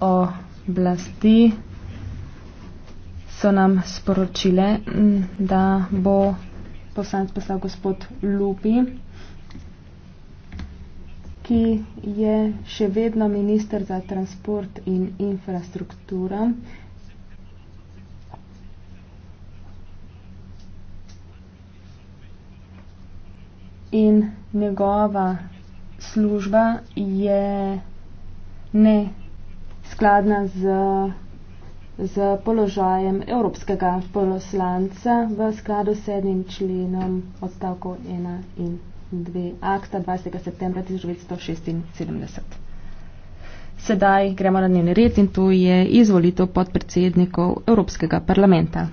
oblasti so nam sporočile, da bo poslanec poslal gospod Lupi, ki je še vedno minister za transport in infrastrukturo. In njegova služba je ne skladna z, z položajem evropskega poslanca v skladu s sedmim členom odstavko 1 in 2 akta 20. septembra 1976. Sedaj gremo na njen red in to je izvolitev podpredsednikov Evropskega parlamenta.